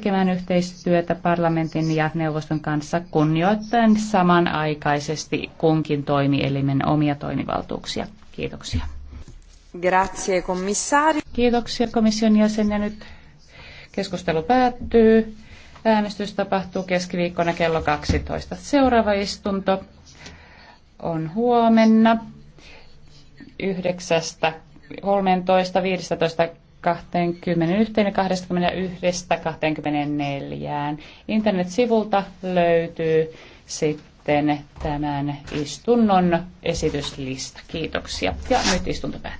tekemään yhteistyötä parlamentin ja neuvoston kanssa kunnioittaen samanaikaisesti kunkin toimielimen omia toimivaltuuksia. Kiitoksia. Grazie, komissaari. Kiitoksia komission jäsen ja nyt keskustelu päättyy. Äänestys tapahtuu keskiviikkona kello 12. Seuraava istunto on huomenna 9. 13, 15, 21 ja 21 24. Internetsivulta löytyy sitten tämän istunnon esityslista. Kiitoksia. Ja nyt istunto päättyy.